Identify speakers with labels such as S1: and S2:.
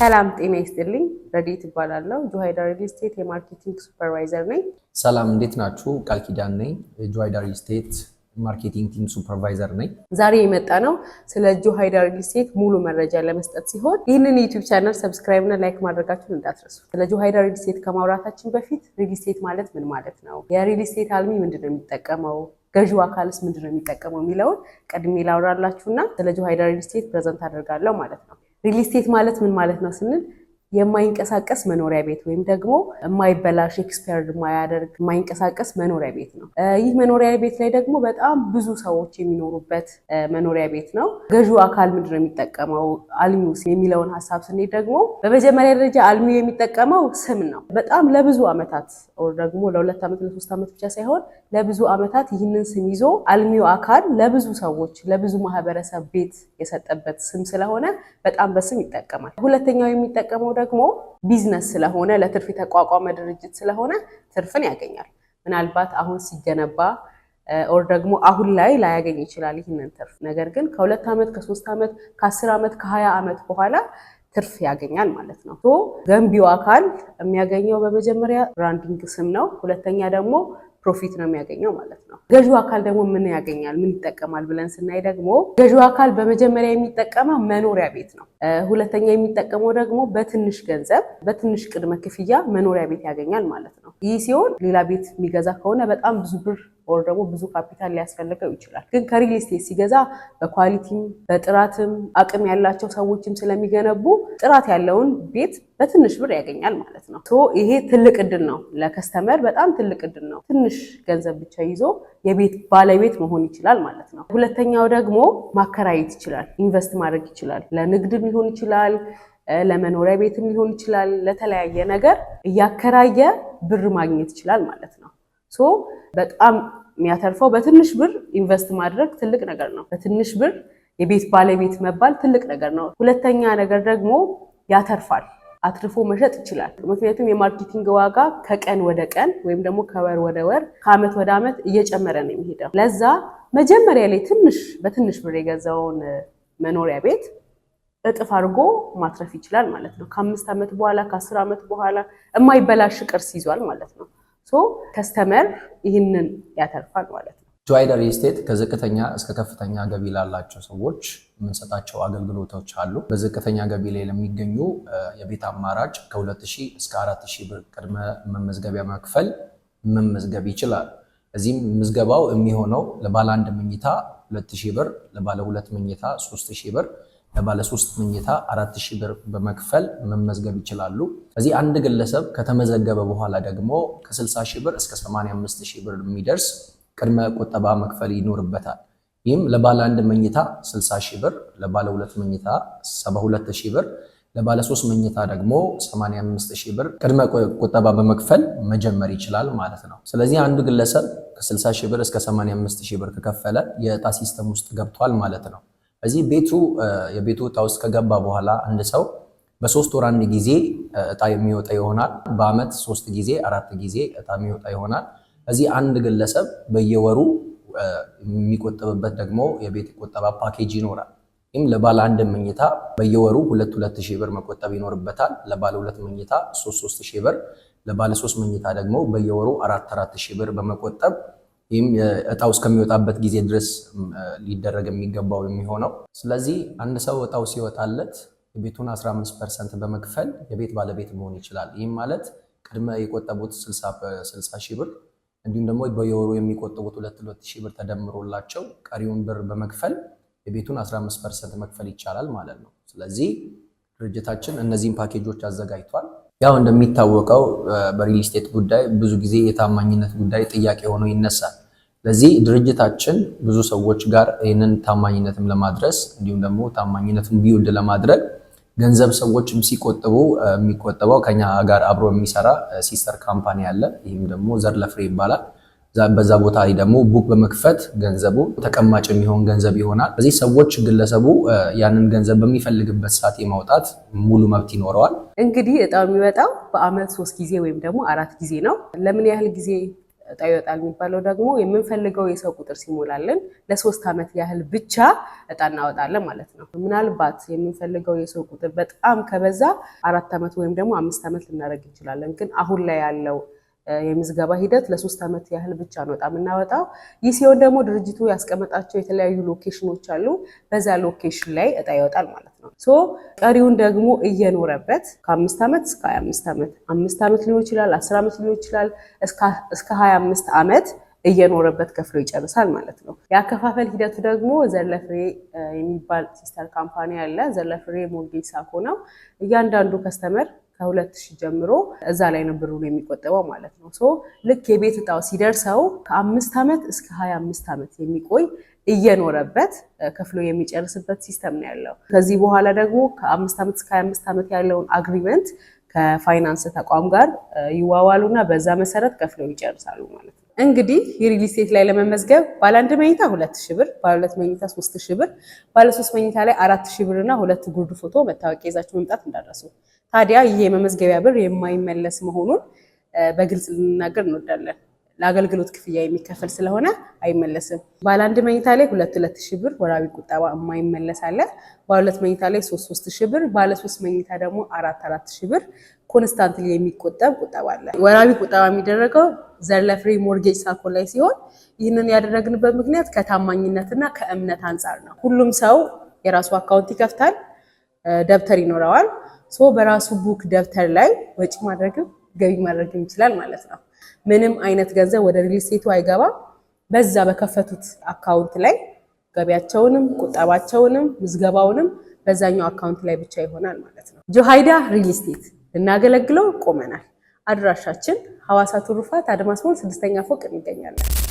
S1: ሰላም ጤና ይስጥልኝ። ረዴት እባላለሁ። ጆሃይዳር ሪል ስቴት የማርኬቲንግ ሱፐርቫይዘር ነኝ።
S2: ሰላም እንዴት ናችሁ? ቃል ኪዳን ነኝ። ጆሃይዳር ሪል ስቴት ማርኬቲንግ ቲም ሱፐርቫይዘር ነኝ።
S1: ዛሬ የመጣ ነው ስለ ጆሃይዳር ሪል ስቴት ሙሉ መረጃ ለመስጠት ሲሆን ይህንን ዩቲዩብ ቻናል ሰብስክራይብ እና ላይክ ማድረጋችሁን እንዳትረሱ። ስለ ጆሃይዳር ሪል ስቴት ከማውራታችን በፊት ሪል ስቴት ማለት ምን ማለት ነው፣ የሪል ስቴት አልሚ ምንድን ነው የሚጠቀመው ገዢው አካልስ ምንድን ነው የሚጠቀመው የሚለውን ቀድሜ ላውራላችሁና ስለ ጆሃይዳር ሪል ስቴት ፕሬዘንት አደርጋለሁ ማለት ነው። ሪሊስቴት ማለት ምን ማለት ነው ስንል የማይንቀሳቀስ መኖሪያ ቤት ወይም ደግሞ የማይበላሽ ኤክስፐርድ የማያደርግ የማይንቀሳቀስ መኖሪያ ቤት ነው። ይህ መኖሪያ ቤት ላይ ደግሞ በጣም ብዙ ሰዎች የሚኖሩበት መኖሪያ ቤት ነው። ገዢው አካል ምንድን ነው የሚጠቀመው? አልሚው የሚለውን ሀሳብ ስንሄድ ደግሞ በመጀመሪያ ደረጃ አልሚው የሚጠቀመው ስም ነው። በጣም ለብዙ ዓመታት ደግሞ ለሁለት ዓመት ለሶስት ዓመት ብቻ ሳይሆን ለብዙ ዓመታት ይህንን ስም ይዞ አልሚው አካል ለብዙ ሰዎች ለብዙ ማህበረሰብ ቤት የሰጠበት ስም ስለሆነ በጣም በስም ይጠቀማል። ሁለተኛው የሚጠቀመው ደግሞ ቢዝነስ ስለሆነ ለትርፍ የተቋቋመ ድርጅት ስለሆነ ትርፍን ያገኛል። ምናልባት አሁን ሲገነባ ኦር ደግሞ አሁን ላይ ላያገኝ ይችላል ይህንን ትርፍ። ነገር ግን ከሁለት ዓመት ከሶስት ዓመት ከአስር ዓመት ከሀያ ዓመት በኋላ ትርፍ ያገኛል ማለት ነው። ገንቢው አካል የሚያገኘው በመጀመሪያ ብራንዲንግ ስም ነው። ሁለተኛ ደግሞ ፕሮፊት ነው የሚያገኘው ማለት ነው። ገዢው አካል ደግሞ ምን ያገኛል፣ ምን ይጠቀማል ብለን ስናይ ደግሞ ገዢው አካል በመጀመሪያ የሚጠቀመው መኖሪያ ቤት ነው። ሁለተኛ የሚጠቀመው ደግሞ በትንሽ ገንዘብ በትንሽ ቅድመ ክፍያ መኖሪያ ቤት ያገኛል ማለት ነው። ይህ ሲሆን ሌላ ቤት የሚገዛ ከሆነ በጣም ብዙ ብር ኦር ደግሞ ብዙ ካፒታል ሊያስፈልገው ይችላል። ግን ከሪል ስቴት ሲገዛ በኳሊቲም በጥራትም አቅም ያላቸው ሰዎችም ስለሚገነቡ ጥራት ያለውን ቤት በትንሽ ብር ያገኛል ማለት ነው። ይሄ ትልቅ እድል ነው ለከስተመር በጣም ትልቅ እድል ነው። ትንሽ ገንዘብ ብቻ ይዞ የቤት ባለቤት መሆን ይችላል ማለት ነው። ሁለተኛው ደግሞ ማከራየት ይችላል፣ ኢንቨስት ማድረግ ይችላል። ለንግድም ሊሆን ይችላል ለመኖሪያ ቤትም ሊሆን ይችላል። ለተለያየ ነገር እያከራየ ብር ማግኘት ይችላል ማለት ነው። ሶ በጣም የሚያተርፈው በትንሽ ብር ኢንቨስት ማድረግ ትልቅ ነገር ነው። በትንሽ ብር የቤት ባለቤት መባል ትልቅ ነገር ነው። ሁለተኛ ነገር ደግሞ ያተርፋል፣ አትርፎ መሸጥ ይችላል። ምክንያቱም የማርኬቲንግ ዋጋ ከቀን ወደ ቀን ወይም ደግሞ ከወር ወደ ወር ከዓመት ወደ ዓመት እየጨመረ ነው የሚሄደው። ለዛ መጀመሪያ ላይ ትንሽ በትንሽ ብር የገዛውን መኖሪያ ቤት እጥፍ አድርጎ ማትረፍ ይችላል ማለት ነው። ከአምስት ዓመት በኋላ ከአስር ዓመት በኋላ የማይበላሽ ቅርስ ይዟል ማለት ነው። ከስተመር ይህንን ያተርፋል ማለት ነው።
S2: ጆይ ስቴት ከዝቅተኛ እስከ ከፍተኛ ገቢ ላላቸው ሰዎች የምንሰጣቸው አገልግሎቶች አሉ። በዝቅተኛ ገቢ ላይ ለሚገኙ የቤት አማራጭ ከ2000 እስከ 4000 ብር ቅድመ መመዝገቢያ መክፈል መመዝገብ ይችላል። እዚህም ምዝገባው የሚሆነው ለባለ አንድ መኝታ 2000 ብር፣ ለባለ ሁለት መኝታ 3000 ብር ለባለ ሶስት መኝታ አራት ሺህ ብር በመክፈል መመዝገብ ይችላሉ። እዚህ አንድ ግለሰብ ከተመዘገበ በኋላ ደግሞ ከ60 ሺህ ብር እስከ 85 ሺህ ብር የሚደርስ ቅድመ ቁጠባ መክፈል ይኖርበታል። ይህም ለባለ አንድ መኝታ 60 ሺህ ብር፣ ለባለ ሁለት መኝታ 72 ሺህ ብር፣ ለባለ ሶስት መኝታ ደግሞ 85 ሺህ ብር ቅድመ ቁጠባ በመክፈል መጀመር ይችላል ማለት ነው። ስለዚህ አንድ ግለሰብ ከ60 ሺህ ብር እስከ 85 ሺህ ብር ከከፈለ የእጣ ሲስተም ውስጥ ገብቷል ማለት ነው። እዚህ ቤቱ የቤቱ እጣ ውስጥ ከገባ በኋላ አንድ ሰው በሶስት ወር አንድ ጊዜ እጣ የሚወጣ ይሆናል። በአመት ሶስት ጊዜ አራት ጊዜ እጣ የሚወጣ ይሆናል። እዚህ አንድ ግለሰብ በየወሩ የሚቆጠብበት ደግሞ የቤት ቆጠባ ፓኬጅ ይኖራል። ይህም ለባለ አንድ መኝታ በየወሩ ሁለት ሁለት ሺህ ብር መቆጠብ ይኖርበታል። ለባለ ሁለት መኝታ ሶስት ሶስት ሺህ ብር፣ ለባለ ሶስት መኝታ ደግሞ በየወሩ አራት አራት ሺህ ብር በመቆጠብ ይህም እጣው እስከሚወጣበት ጊዜ ድረስ ሊደረግ የሚገባው የሚሆነው። ስለዚህ አንድ ሰው እጣው ሲወጣለት የቤቱን 15 ፐርሰንት በመክፈል የቤት ባለቤት መሆን ይችላል። ይህም ማለት ቅድመ የቆጠቡት 60 ሺህ ብር እንዲሁም ደግሞ በየወሩ የሚቆጠቡት 22 ሺህ ብር ተደምሮላቸው ቀሪውን ብር በመክፈል የቤቱን 15 ፐርሰንት መክፈል ይቻላል ማለት ነው። ስለዚህ ድርጅታችን እነዚህን ፓኬጆች አዘጋጅቷል። ያው እንደሚታወቀው በሪል ስቴት ጉዳይ ብዙ ጊዜ የታማኝነት ጉዳይ ጥያቄ ሆኖ ይነሳል። ለዚህ ድርጅታችን ብዙ ሰዎች ጋር ይህንን ታማኝነትም ለማድረስ እንዲሁም ደግሞ ታማኝነትን ቢውድ ለማድረግ ገንዘብ ሰዎችም ሲቆጥቡ የሚቆጥበው ከኛ ጋር አብሮ የሚሰራ ሲስተር ካምፓኒ አለ። ይህም ደግሞ ዘር ለፍሬ ይባላል። በዛ ቦታ ላይ ደግሞ ቡክ በመክፈት ገንዘቡ ተቀማጭ የሚሆን ገንዘብ ይሆናል። ስለዚህ ሰዎች ግለሰቡ ያንን ገንዘብ በሚፈልግበት ሰዓት የማውጣት ሙሉ መብት ይኖረዋል።
S1: እንግዲህ እጣው የሚወጣው በአመት ሶስት ጊዜ ወይም ደግሞ አራት ጊዜ ነው። ለምን ያህል ጊዜ እጣ ይወጣል የሚባለው ደግሞ የምንፈልገው የሰው ቁጥር ሲሞላልን ለሶስት ዓመት ያህል ብቻ እጣ እናወጣለን ማለት ነው። ምናልባት የምንፈልገው የሰው ቁጥር በጣም ከበዛ አራት ዓመት ወይም ደግሞ አምስት ዓመት ልናደርግ እንችላለን። ግን አሁን ላይ ያለው የምዝገባ ሂደት ለሶስት ዓመት ያህል ብቻ ነው በጣም እናወጣው። ይህ ሲሆን ደግሞ ድርጅቱ ያስቀመጣቸው የተለያዩ ሎኬሽኖች አሉ። በዛ ሎኬሽን ላይ እጣ ይወጣል ማለት ነው። ሶ ቀሪውን ደግሞ እየኖረበት ከአምስት ዓመት እስከ ሀያ አምስት ዓመት አምስት ዓመት ሊሆን ይችላል፣ አስር ዓመት ሊሆን ይችላል፣ እስከ ሀያ አምስት ዓመት እየኖረበት ከፍሎ ይጨርሳል ማለት ነው። የአከፋፈል ሂደቱ ደግሞ ዘለፍሬ የሚባል ሲስተር ካምፓኒ አለ። ዘለፍሬ ሞጌ ሳኮ ነው። እያንዳንዱ ከስተመር ከሁለት ሺህ ጀምሮ እዛ ላይ ነው ብሩን የሚቆጠበው ማለት ነው። ሶ ልክ የቤት እጣው ሲደርሰው ከአምስት ዓመት እስከ ሀያ አምስት ዓመት የሚቆይ እየኖረበት ከፍሎ የሚጨርስበት ሲስተም ነው ያለው። ከዚህ በኋላ ደግሞ ከአምስት ዓመት እስከ ሀያ አምስት ዓመት ያለውን አግሪመንት ከፋይናንስ ተቋም ጋር ይዋዋሉና በዛ መሰረት ከፍለው ይጨርሳሉ ማለት ነው። እንግዲህ የሪል ስቴት ላይ ለመመዝገብ ባለ አንድ መኝታ ሁለት ሺ ብር፣ ባለ ሁለት መኝታ ሶስት ሺ ብር፣ ባለ ሶስት መኝታ ላይ አራት ሺ ብር እና ሁለት ጉርድ ፎቶ መታወቂያ ይዛችሁ መምጣት እንዳደረሱ ታዲያ ይህ የመመዝገቢያ ብር የማይመለስ መሆኑን በግልጽ ልንናገር እንወዳለን። ለአገልግሎት ክፍያ የሚከፈል ስለሆነ አይመለስም። ባለ አንድ መኝታ ላይ ሁለት ሁለት ሺህ ብር ወራዊ ቁጠባ የማይመለስ አለ። ባለ ሁለት መኝታ ላይ ሶስት ሶስት ሺህ ብር፣ ባለ ሶስት መኝታ ደግሞ አራት አራት ሺህ ብር ኮንስታንት የሚቆጠብ ቁጠባ አለ። ወራዊ ቁጠባ የሚደረገው ዘርለፍሬ ሞርጌጅ ሳኮ ላይ ሲሆን ይህንን ያደረግንበት ምክንያት ከታማኝነትና ከእምነት አንጻር ነው። ሁሉም ሰው የራሱ አካውንት ይከፍታል፣ ደብተር ይኖረዋል። በራሱ ቡክ ደብተር ላይ ወጪ ማድረግም ገቢ ማድረግም ይችላል ማለት ነው። ምንም አይነት ገንዘብ ወደ ሪል ስቴቱ አይገባም። በዛ በከፈቱት አካውንት ላይ ገቢያቸውንም ቁጠባቸውንም ምዝገባውንም በዛኛው አካውንት ላይ ብቻ ይሆናል ማለት ነው። ጆሃይዳ ሪል ስቴት ልናገለግለው ቆመናል። አድራሻችን ሐዋሳ ቱሩፋት አድማስ ሞል ስድስተኛ ፎቅ እንገኛለን።